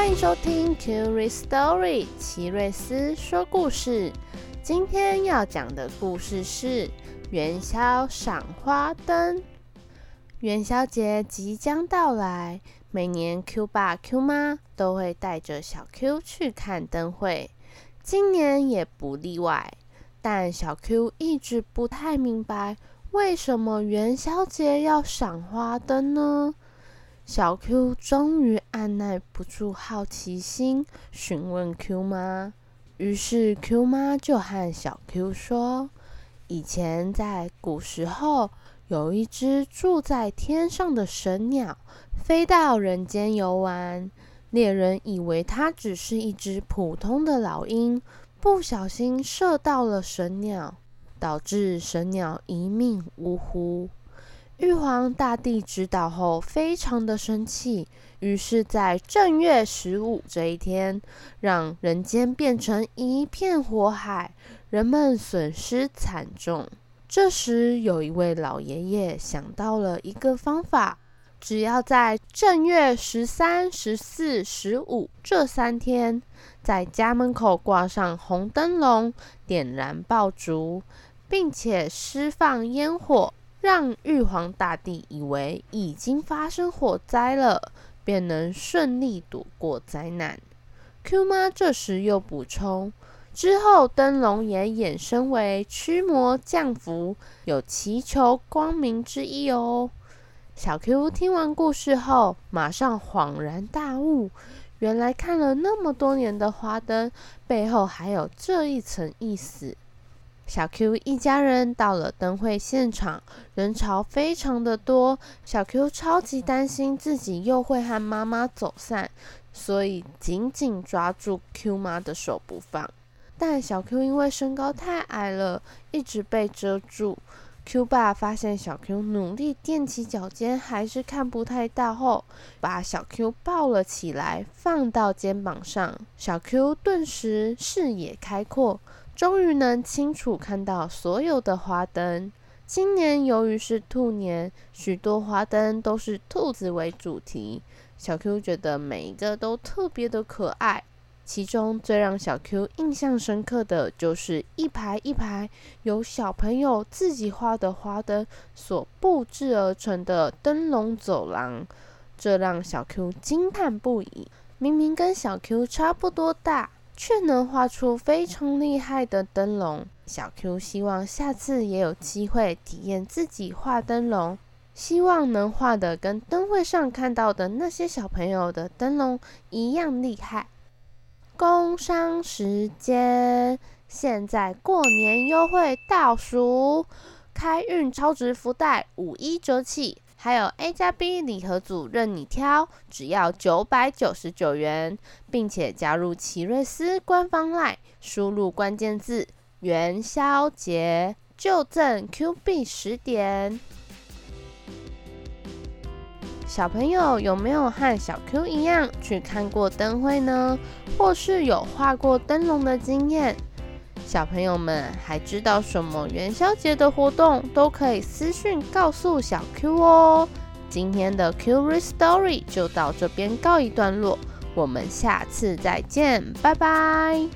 歡迎收聽《Curious Story》。奇瑞斯說故事。今天要講的故事是元宵賞花燈。元宵節即將到來，每年 Q 爸 Q 媽都會帶着小 Q 去看燈會，今年也不例外。但小 Q 一直不太明白，為什麼元宵節要賞花燈呢？小 Q 終於按捺不住好奇心，詢問 Q 媽。於是 Q 媽就和小 Q 說：以前在古時候，有一隻住在天上的神鳥，飛到人間遊玩。獵人以為它只是一隻普通的老鷹，不小心射到了神鳥，導致神鳥一命嗚呼。玉皇大帝知道後，非常的生氣，於是，在正月十五這一天，讓人間變成一片火海，人們損失慘重。這時，有一位老爺爺想到了一個方法：只要在正月十三、十四、十五這三天，在家門口掛上紅燈籠，點燃爆竹，並且施放煙火。讓玉皇大帝以為已經發生火災了，便能順利躲過災難。Q 媽這時又補充：之後燈籠也衍生為驅魔降服，有祈求光明之意哦。小 Q 聽完故事後，馬上恍然大悟，原來看了那麼多年的花燈，背後還有這一層意思。小 Q 一家人到了燈會現場，人潮非常的多。小 Q 超級擔心自己又會和媽媽走散，所以緊緊抓住 Q 媽的手不放。但小 Q 因為身高太矮了，一直被遮住。Q 爸發現小 Q 努力踮起腳尖還是看不太到後，把小 Q 抱了起來，放到肩膀上。小 Q 頓時視野開闊。終於能清楚看到所有的花燈。今年由於是兔年，許多花燈都是兔子為主題。小 Q 覺得每一個都特別的可愛。其中最讓小 Q 印象深刻的就是一排一排由小朋友自己畫的花燈所布置而成的燈籠走廊，這讓小 Q 驚嘆不已。明明跟小 Q 差不多大。卻能畫出非常厲害的燈籠。小 Q 希望下次也有機會體驗自己畫燈籠，希望能畫的跟燈會上看到的那些小朋友的燈籠一樣厲害。工商時間，現在過年優惠倒數，開運超值福袋，五一折起。還有 A 加 B 禮盒組任你挑，只要九百九十九元，並且加入奇瑞斯官方 Line，輸入關鍵字元宵節就贈 Q 幣十點。小朋友有沒有和小 Q 一樣去看過燈會呢？或是有畫過燈籠的經驗？小朋友們還知道什麼元宵節的活動，都可以私訊告訴小 Q 哦。今天的 Q Re Story 就到這邊告一段落，我們下次再見，拜拜。